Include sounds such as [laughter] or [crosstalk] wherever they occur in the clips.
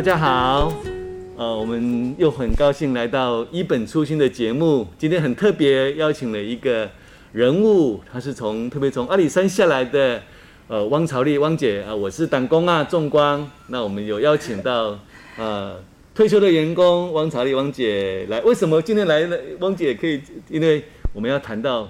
大家好，呃，我們又很高興來到一本初心的節目。今天很特別邀請了一個人物，他是從特別從阿里山下來的，呃，汪朝麗汪姐啊、呃。我是銅罐仔啊，重光。那我們有邀請到呃退休的員工汪朝麗汪姐來。為什麼今天來呢？汪姐可以，因為我們要談到。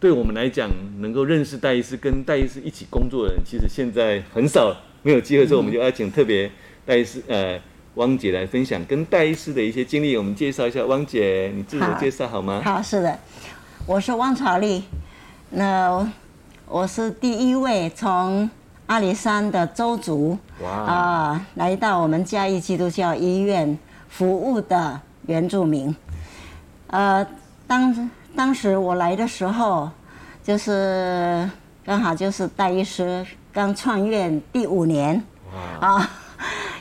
對我們來講，能夠認識戴醫師、跟戴醫師一起工作的人，其實現在很少。沒有機會之後，我們就邀請特別戴醫師，呃，汪姐來分享跟戴醫師的一些經歷，我們介紹一下汪姐，你自我介紹好嗎好？好，是的，我是汪朝麗。那我是第一位從阿里山的鄒族哇啊、呃，來到我們嘉義基督教醫院服務的原住民。呃，當。當時我來的時候，就是剛好就是戴醫師剛創院第五年，wow, 啊，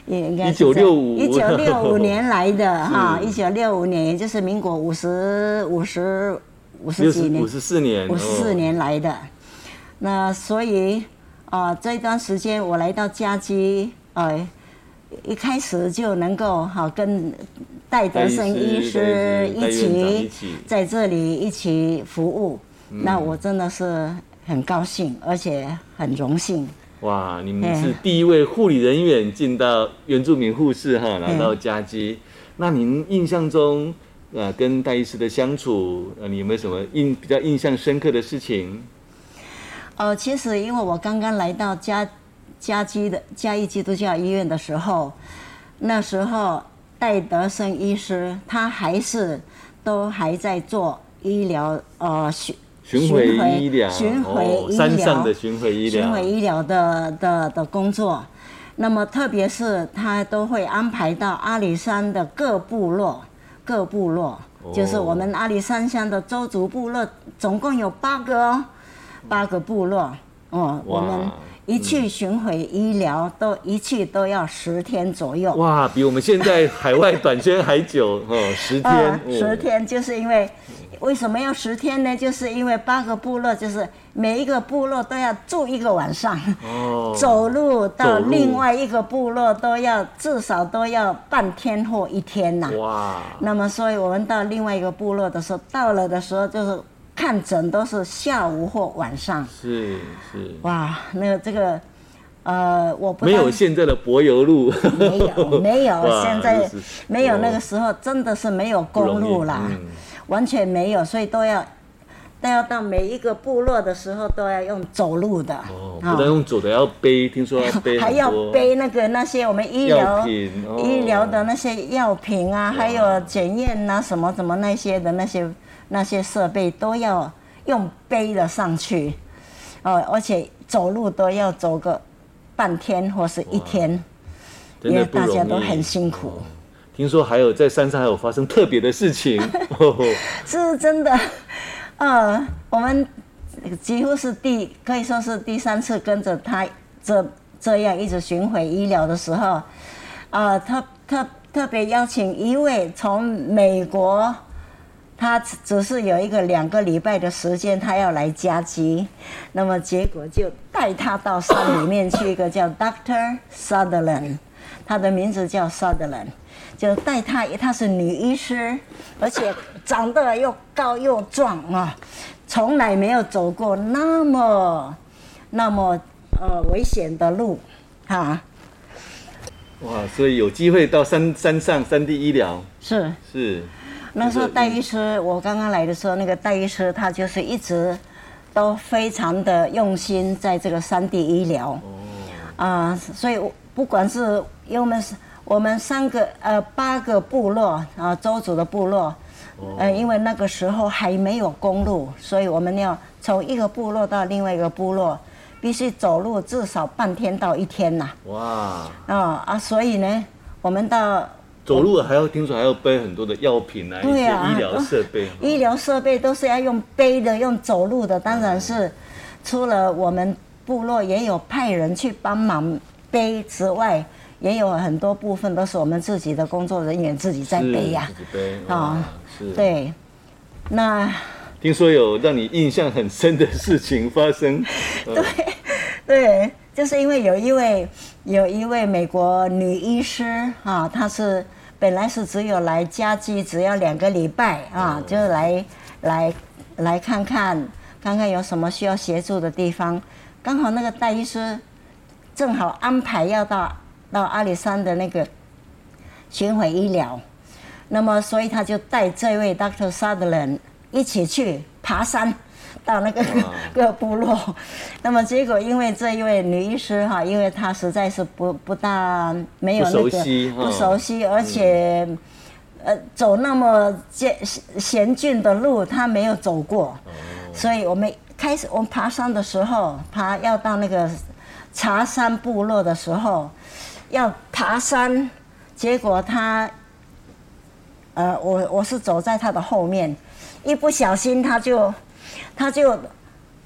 也應該一九六五一九六五年來的哈，一九六五年也就是民國五十五十五十幾年。五十四年。五十四年來的，哦、那所以啊，這段時間我來到嘉基，呃、啊，一開始就能夠好、啊、跟。戴德森醫師，醫師，醫師一起，一起在這裡一起服務，嗯、那我真的是很高興，而且很榮幸。哇！你們是第一位護理人員進到原住民護士哈、啊、來嘿 到嘉基。嘿 那您印象中、啊、跟戴醫師的相處、啊、你有沒有什麼印比較印象深刻的事情？呃，其實因為我剛剛來到嘉嘉基的嘉義基督教醫院的時候，那時候。戴德森醫師，他還是都還在做醫療呃巡巡迴、巡迴醫療，巡迴醫療，哦、巡迴醫療的的的、的工作。那麼特別是他都會安排到阿里山的各部落，各部落、哦、就是我們阿里山鄉的鄒族部落，總共有八個，八個部落。哦，哇我們一去巡回醫療都一去都要十天左右。哇，比我們現在海外短宣還久， [laughs] 哦，十天。哦、十天就是因為為什麼要十天呢？就是因為八個部落，就是每一個部落都要住一個晚上，哦，走路到另外一個部落都要路至少都要半天或一天吶、啊。哇，那麼所以我們到另外一個部落的時候，到了的時候就是。看診都是下午或晚上。是是。哇，那個這個，呃，我不。沒有現在的柏油路。沒有沒有，現在沒有那個時候真的是沒有公路啦，完全沒有，所以都要都要到每一個部落的時候都要用走路的。哦，不但用走的，要背，聽說。還要背那個那些我們醫療醫療的那些藥品啊，還有檢驗啊什麼什麼那些的那些。那些設備都要用背了上去，哦、呃，而且走路都要走個半天或是一天，因為大家都很辛苦，哦。聽說還有在山上還有發生特別的事情， [laughs] 是真的。呃，我們幾乎是第可以說是第三次跟着他這這樣一直巡回醫療的時候，啊、呃，他特特別邀請一位從美國。他只是有一個兩個禮拜的時間，他要來嘉基，那麼結果就帶他到山裡面去。一個叫 Doctor Sutherland，他的名字叫 Sutherland，就帶他，他是女醫師，而且長得又高又壯啊，從來沒有走過那麼、那麼呃危險的路哈。啊、哇，所以有機會到山山上山地醫療是是。是那時候戴醫師，我剛剛來的時候，那個戴醫師他就是一直都非常的用心，在這個山地醫療。啊、oh. 呃，所以不管是我們是，我們三個呃八個部落啊，鄒、呃、族的部落。嗯，oh. 呃，因為那個時候還沒有公路，所以我們要從一個部落到另外一個部落，必須走路至少半天到一天吶、啊。哇 Wow.、呃。啊，所以呢，我們到。走路還要聽說還要背很多的藥品來、對啊、一些醫療設備。哦哦、醫療設備都是要用背的，用走路的。當然是，除了我們部落也有派人去幫忙背之外，也有很多部分都是我們自己的工作人員自己在背呀、啊。自己背啊、哦，是。對，那聽說有讓你印象很深的事情發生。 [laughs] 對，哦、對，就是因為有一位有一位美國女醫師啊、哦，她是。本來是只有來嘉基，只要兩個禮拜啊，就來來來看看，看看有什麼需要協助的地方。剛好那個戴醫師正好安排要到到阿里山的那個巡迴醫療，那麼所以他就帶這位 Doctor Sutherland 一起去爬山。到那個各部落，Wow. 那麼結果因為這一位女醫師哈、啊，因為她實在是不不大沒有那個不熟悉，熟悉而且，嗯、呃走那麼艱險峻的路，她沒有走過，Oh. 所以我們開始我們爬山的時候，爬要到那個茶山部落的時候要爬山，結果她呃我我是走在她的後面，一不小心她就。他就，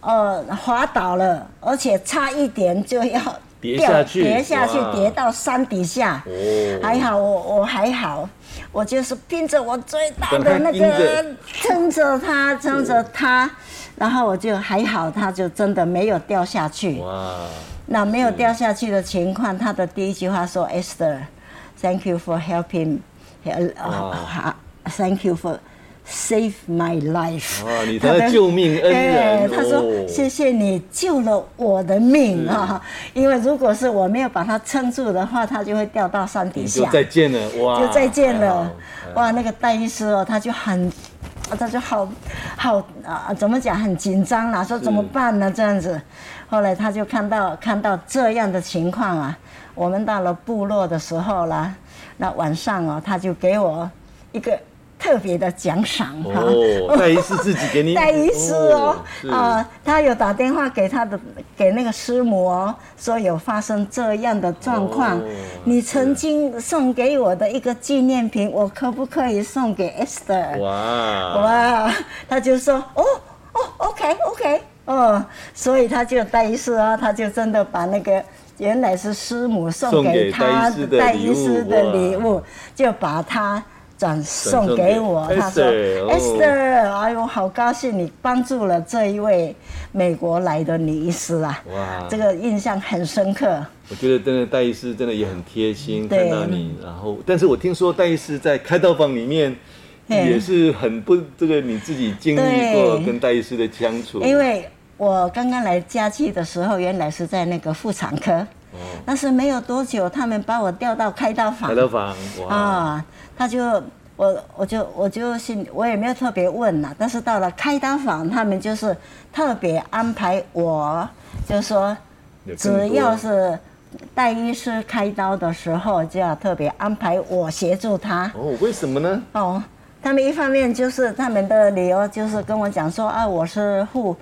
呃，滑倒了，而且差一點就要掉，跌下去，跌下去，跌到山底下。哦，還好我我還好，我就是拼着我最大的那個着撐着他，撐着他，哦、然後我就還好，他就真的沒有掉下去。哇！那沒有掉下去的情況，嗯、他的第一句話說：“Esther，thank you for helping, thank you for。” Save my life！哦，你的救命他的恩人他說：“哦、謝謝你救了我的命啊！是因為如果是我沒有把他撐住的話，他就會掉到山底下。”就再見了，哇！就再見了，哇！那個戴醫師哦，他就很，他就好，好啊，怎麼講很緊張啦，說怎麼辦呢？這樣子，後來他就看到看到這樣的情況啊。我們到了部落的時候啦，那晚上哦，他就給我一個。特別的獎賞啊！哦、戴醫師自己給你戴醫師哦，哦是啊，他有打電話給他的給那個師母哦，說有發生這樣的狀況，哦、你曾經送給我的一個紀念品，啊、我可不可以送給 Esther？哇哇，他就說哦哦，OK OK，哦，所以他就戴醫師啊、哦，他就真的把那個原來是師母送給他的戴醫師的禮物，禮物哇就把他。轉送給我，他說：“Esther，哎呦，好高興你幫助了這一位美國來的女醫師啊！哇，這個印象很深刻。我覺得真的戴醫師真的也很貼心，看到你。然後，但是我聽說戴醫師在開刀房裡面也是很不這個，你自己經歷過跟戴醫師的相處。因為我剛剛來嘉基的時候，原來是在那個婦產科，但是沒有多久，他們把我調到開刀房。開刀房，哇！他就我我就我就信我也沒有特別問了。但是到了開刀房，他們就是特別安排我，就說只要是戴醫師開刀的時候，就要特別安排我協助他。哦，為什麼呢？哦，他們一方面就是他們的理由就是跟我講說啊，我是護，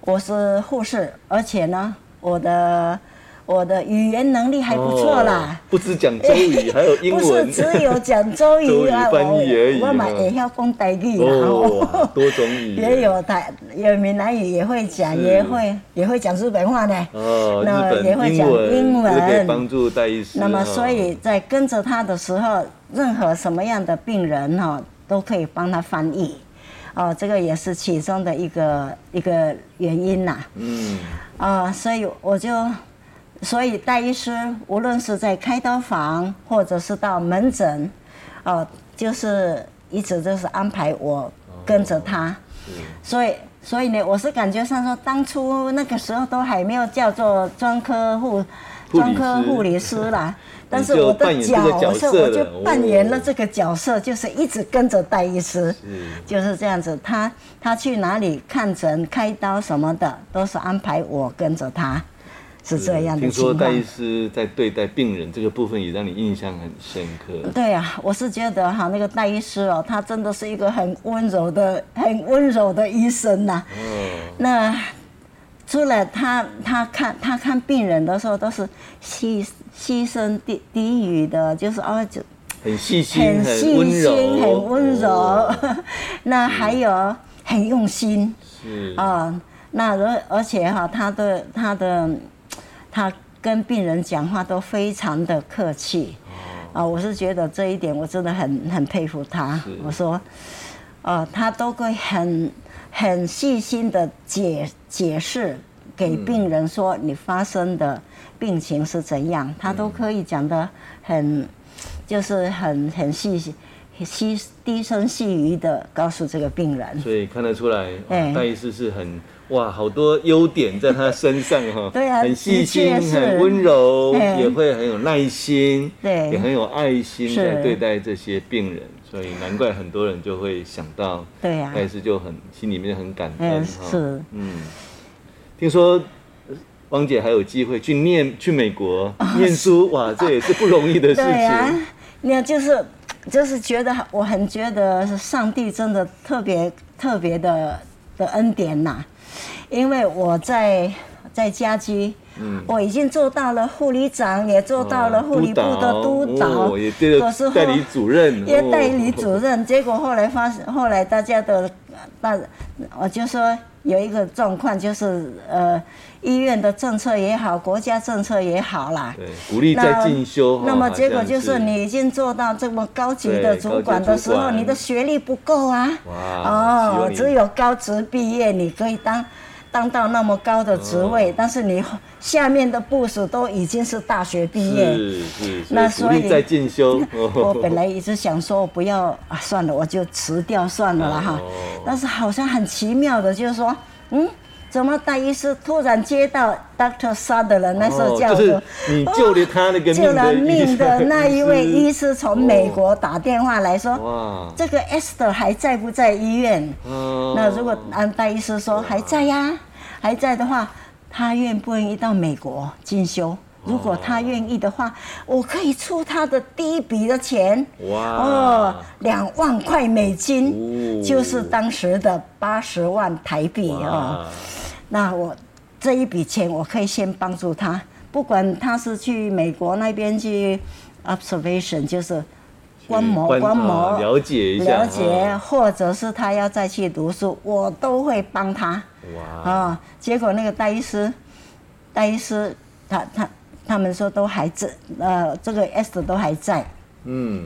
我是護士，而且呢，我的。我的語言能力還不錯啦，哦、不只講鄒語，還有英文， [laughs] 不是只有講鄒語啊，我我嘛也會講台語哦，多種語言也有台也有閩南語也會講、嗯，也會也會講日本話呢，哦，那也會講英文幫、就是、助戴醫師。那麼所以在跟着他的時候，哦、任何什麼樣的病人哈、啊、都可以幫他翻譯，哦，這個也是其中的一個一個原因吶、啊。嗯啊、呃，所以我就。所以戴醫師無論是在開刀房，或者是到門診，哦、呃，就是一直都是安排我跟着他。哦、所以，所以呢，我是感覺上說，當初那個時候都還沒有叫做專科護、專科護理師啦，但是我的角色我就扮演了這個角色，哦、就是一直跟着戴醫師，是就是這樣子。他他去哪裡看診、開刀什麼的，都是安排我跟着他。是這樣，聽說戴醫師在對待病人這，這個部分也讓你印象很深刻？對啊，我是覺得哈，那個戴醫師哦，他真的是一個很溫柔的、很溫柔的醫生吶、啊。哦、那除了他，他看他看病人的時候都是細細聲、低低語的，就是啊、哦、就很細心、很細心、很溫柔、很溫柔。 [laughs] 那還有很用心。是。啊、哦，那而而且哈，他的他的。他跟病人講話都非常的客氣，啊，我是覺得這一點我真的很很佩服他。是我說，他都會很很細心的解解釋給病人說，你發生的病情是怎樣，他都可以講得很，就是很很細細低聲細語的告訴這個病人。所以看得出來，喔，戴醫師是很。哇，好多優點在他身上哈。 [laughs] 對啊，很細心，很溫柔，對也會很有耐心，對，也很有愛心來對待這些病人，是所以難怪很多人就會想到，對啊，但是就很心裡面很感恩哈，是，嗯，聽說汪姐還有機會去念去美國念書，哦、哇，這也是不容易的事情，對啊，那就是就是覺得我很覺得上帝真的特別特別的的恩典吶、啊。因為我在在嘉基，嗯，我已經做到了護理長，也做到了護理部的督導，督是、嗯哦、也代理主任，哦、也代理主任。結果後來發現，後來大家的，我就說有一個狀況，就是呃，醫院的政策也好，國家政策也好啦，對，鼓勵再進修，那，哦、那麼結果就是你已經做到這麼高級的主管的時候，你的學歷不夠啊，哇哦，只有高職畢業，你可以當。當到那麼高的職位，oh. 但是你下面的部屬都已經是大學畢業，那所以在進修。Oh. 我本來一直想說不要、啊，算了，我就辭掉算了啦。哈。Oh. 但是好像很奇妙的，就是說，嗯。什麼，戴醫師突然接到 Doctor Sutherland 的人那時候叫做，哦就是、你救了他那個救、哦、了命的那一位醫師從美國打電話來說，哦、哇這個 Esther 還在不在醫院？哦、那如果安戴醫師說哇還在呀，啊，還在的話，他願不願意到美國進修？哦、如果他願意的話，我可以出他的第一筆的錢。哇哦，兩萬塊美金，哦哦、就是當時的八十萬台幣哇哦那我這一筆錢，我可以先幫助他，不管他是去美國那邊去 observation，就是觀摩觀，觀摩、啊，了解一下，了解，啊、或者是他要再去讀書，我都會幫他。哇！啊，結果那個戴醫師，戴醫師他他他，他們說都還在，呃，這個 S 都還在。嗯。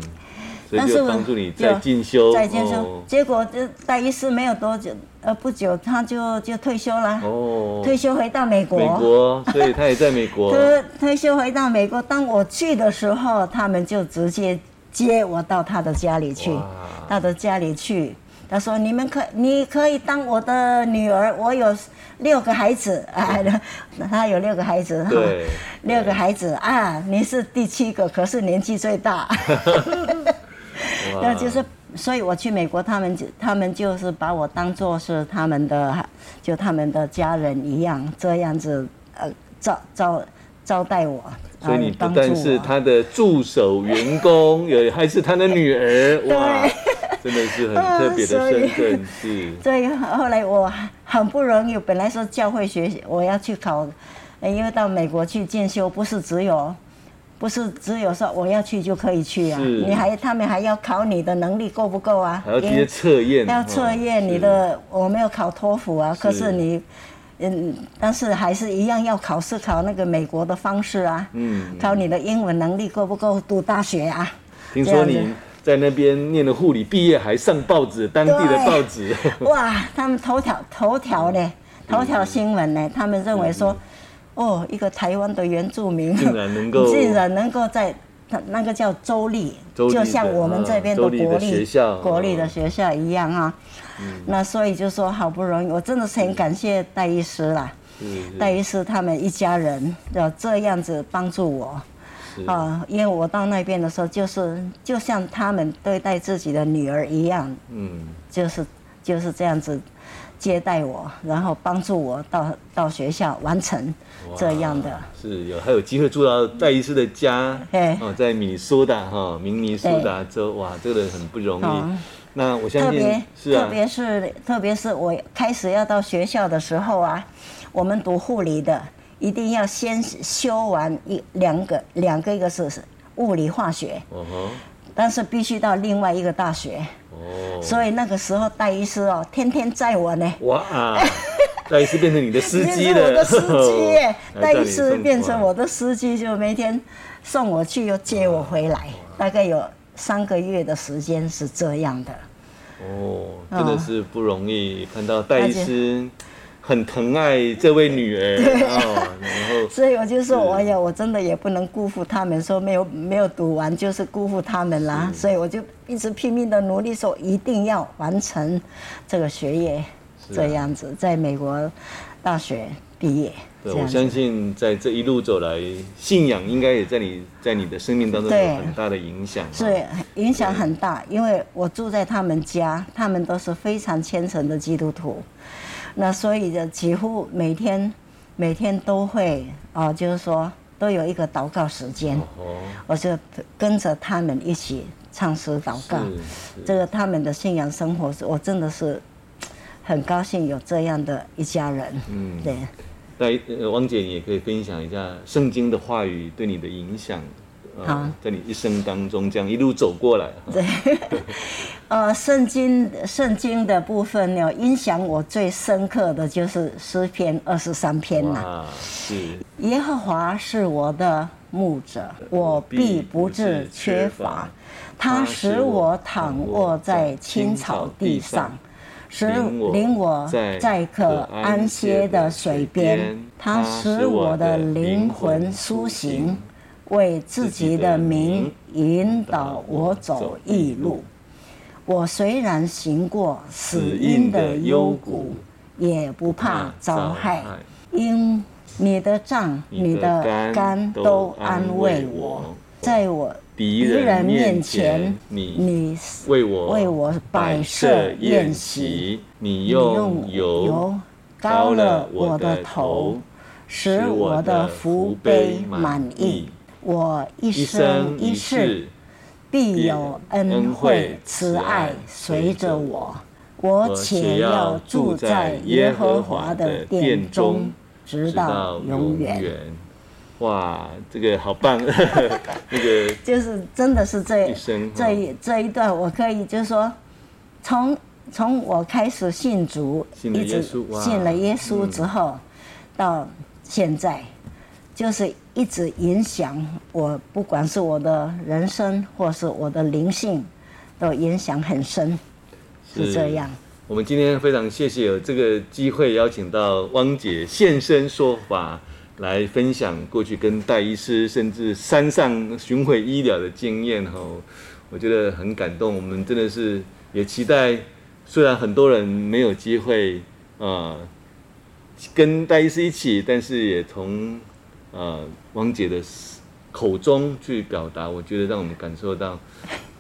但是我就在進修，在進修，結果就戴醫師沒有多久，呃，不久他就就退休了。哦，退休回到美國。美國，所以他也在美國。退 [laughs] 退休回到美國，當我去的時候，他們就直接接我到他的家裡去。哇他的家裡去，他說：“你們可，你可以當我的女兒。我有六個孩子，哎，他有六個孩子，對、哦，六個孩子對啊，你是第七個，可是年紀最大。” [laughs] 那就是，所以我去美國，他們他們就是把我當做是他們的，就他們的家人一樣，這樣子呃，招招招待我。啊、幫助我所以你不但是他的助手、員工，有 [laughs] 還是他的女兒， [laughs] 哇，對真的是很特別的身份。是。 [laughs] 所以對後來我很不容易，本來說教會學習，我要去考，因為到美國去進修，不是只有。不是只有說我要去就可以去啊，你還他們還要考你的能力夠不夠啊？還要直接測驗。要測驗你的，我沒有考托福啊，可是你，嗯，但是還是一樣要考試，考那個美國的方式啊，嗯，考你的英文能力夠不夠讀大學啊？聽說你在那邊念了護理畢業，還上報紙當地的報紙。哇，他們頭條頭條呢，頭條新聞呢，他們認為說。哦，一個台灣的原住民，竟然能夠，竟然能夠在那那個叫州立，就像我們這邊的國立，國立的學校，國立的學校一樣啊。嗯、那所以就說，好不容易，我真的是很感謝戴醫師啦，戴醫師他們一家人要這樣子幫助我是啊，因為我到那邊的時候，就是就像他們對待自己的女兒一樣，嗯，就是就是這樣子。接待我，然後幫助我到到學校完成這樣的，是有還有機會住到戴醫師的家，嗯、哦，在米蘇達哈、哦，明尼蘇達州，嗯、哇，這個人很不容易。嗯、那我相信是，啊、特別是特別是我開始要到學校的時候啊，我們讀護理的一定要先修完一兩個兩個，兩個一個是物理化學。哦但是必須到另外一個大學哦，oh. 所以那個時候戴醫師哦、喔、天天載我呢。哇，Wow. [laughs] 戴醫師變成你的司機了。我的司機、欸，oh. 戴醫師變成我的司機，oh. 就每天送我去又接我回來，oh. 大概有三個月的時間是這樣的。哦，oh. 真的是不容易、oh. 看到戴醫師。很疼愛這位女兒，對然後，對然後所以我就說我也，對我真的也不能辜負他們，說沒有沒有讀完，就是辜負他們啦。是所以我就一直拼命的努力，說一定要完成這個學業，這樣子、啊、在美國大學畢業。對，我相信在這一路走來，信仰應該也在你在你的生命當中有很大的影響。對，影響很大，對因為我住在他們家，他們都是非常虔誠的基督徒。那所以就幾乎每天，每天都會啊、哦，就是說都有一個禱告時間，哦、吼我就跟着他們一起唱詩禱告。這個他們的信仰生活，我真的是很高興有這樣的一家人。嗯，對。那汪姐，你也可以分享一下聖經的話語對你的影響。啊，好在你一生當中這樣一路走過來，對， [laughs] 呃，聖經聖經的部分呢、哦，影響我最深刻的就是詩篇二十三篇吶、啊，是，耶和華是我的牧者，我必不致缺乏。他使我躺臥在青草地上，使領我，在可安歇的水邊。他使我的靈魂甦醒。為自己的名引導我走義路，我雖然行過死蔭的幽谷，也不怕遭害，因你的杖、你的竿都安慰我。在我敵人面前，你為我擺設宴席，你用油膏了我的頭，使我的福杯滿意。我一生一世，一生一世必有恩惠慈，慈愛隨着我，我且要住在耶和華的殿中，直到永遠。哇，這個好棒！這 [laughs] [laughs] 個就是，真的是這一生這一這一段，我可以就是說，從從我開始信主，信一直信了耶穌之後，嗯、到現在。就是一直影響我，不管是我的人生，或是我的靈性，都影響很深，是這樣是。我們今天非常謝謝有這個機會邀請到汪姐現身說法，來分享過去跟戴醫師甚至山上巡回醫療的經驗。哈，我覺得很感動。我們真的是也期待，雖然很多人沒有機會啊、呃，跟戴醫師一起，但是也從。呃，汪姐的口中去表達，我覺得讓我們感受到，啊、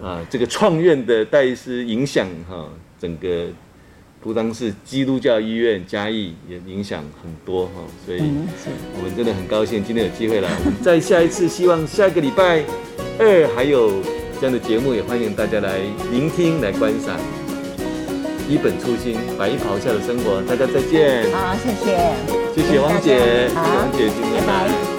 呃，這個創院的戴醫師影響哈、哦，整個不單是基督教醫院嘉義也影響很多哈、哦，所以我們真的很高興今天有機會了。我們在下一次，希望下個禮拜二還有這樣的節目，也歡迎大家來聆聽、來觀賞。一本初心，白袍下的生活，大家再見。好，謝謝。謝謝汪姐，汪姐，姐，姐，今天。